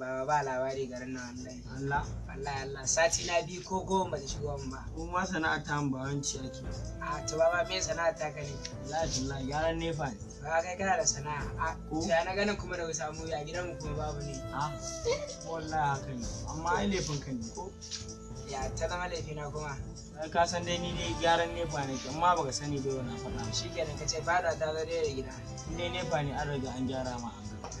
baba ba labari garin nan wallahi Allah Allah sati na biyu ko goma da shigo ba ko ma sana'a ta ba wanci ake a to baba me sana'a ta ka ne wallahi wallahi yaran nefa ne ba kai kana da sana'a a ko ya na ganin kuma da samu ya gidan mu kuma babu ne a wallahi haka ne amma ai laifin ka ne ko ya ta zama laifina kuma ka san dai ni ne gyaran nefa ne amma baka sani bai wani faɗa shi kenan ka ce ba da ta zo da gida ne nefa ne an riga an gyara ma an gaba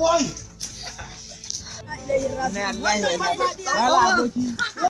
Ôi. Đây là đây là